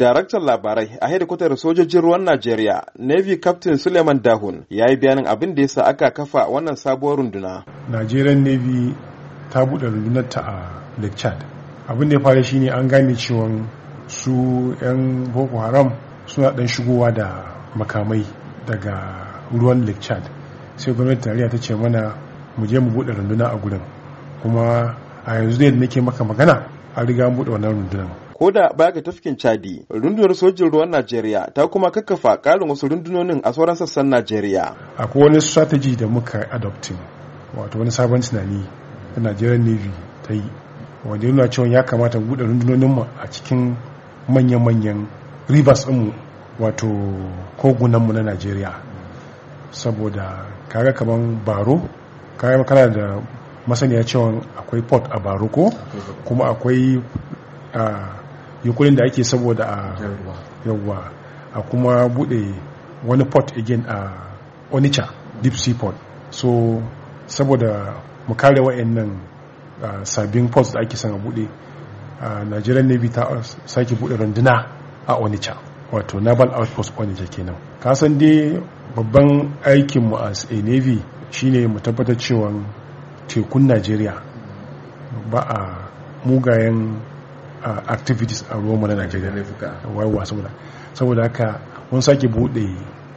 Daraktan labarai a hedikwatar sojojin ruwan Najeriya, Navy Captain Suleiman Dahun ya yi bayanin abin da sa aka kafa wannan sabuwar runduna. najeriyar Navy ta buɗe rundunar ta a Lake Chad. Abin da ya fara shine an gane cewa su 'yan Boko Haram suna ɗan shigowa da makamai daga ruwan Lake Chad. Sai gwamnati tarayya ta ce mana mu je mu buɗe runduna a gurin. Kuma a yanzu da nake maka magana an riga an buɗe wannan rundunar. ko da baya ga tafkin Chadi. Rundunar sojin ruwan Najeriya ta kuma kakkafa karin wasu rundunonin a sauran sassan Najeriya. Akwai wani strategy da muka adopting wato wani sabon tunani da Nigerian Navy ta yi wanda yana cewa ya kamata mu buɗe rundunonin mu a cikin manya-manyan rivers mu wato kogunan mu na Najeriya saboda kaga kaman Baro kaga kana da masaniya cewa akwai port a Baro ko kuma akwai ah, yukurin da ake saboda a yawwa a kuma bude wani port again a onitsha deep sea port so saboda mu kare wa'annan sabbin ports da ake son a bude a nigerian navy ta sake bude runduna a onitsha wato naval outpost onitsha kenan kasan dai babban aikinmu as a navy shine mu tabbatar cewa tekun najeriya ba a mugayen Uh, activities a ruwanmu na najeriya wasu saboda saboda haka wani sake buɗe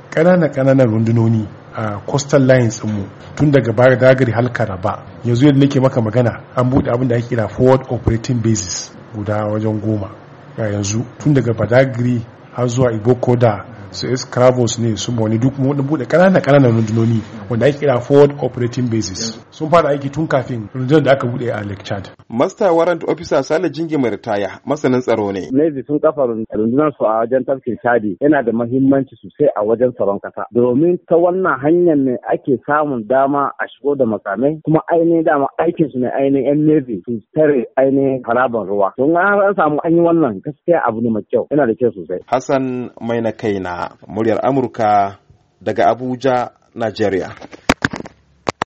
ƙananan-ƙananan rundunoni a coastal lines mu tun daga bayar dagari halkara ba yanzu yadda nake maka magana an buɗe abin da ake kira forward operating basis guda wajen goma ya yanzu tun daga badagiri har zuwa iboko da su escravos ne su mawani duk mu buɗe ƙananan kananan rundunoni wanda ake kira forward operating basis sun fara aiki tun kafin rundunar da aka bude a Lake Chad. Master Warrant Officer Sale Jingi mai ritaya masanin tsaro ne. Navy sun kafa rundunar su a wajen tafkin Chad yana da mahimmanci sosai a wajen tsaron kasa domin ta wannan hanyar ne ake samun dama a shigo da makamai kuma ainihin dama aikin su ne ainihin yan Navy su tare ainihin harabar ruwa. Don an samu an yi wannan gaskiya abu ne mai kyau yana da kyau sosai. Hassan mai na kaina muryar Amurka daga Abuja Nigeria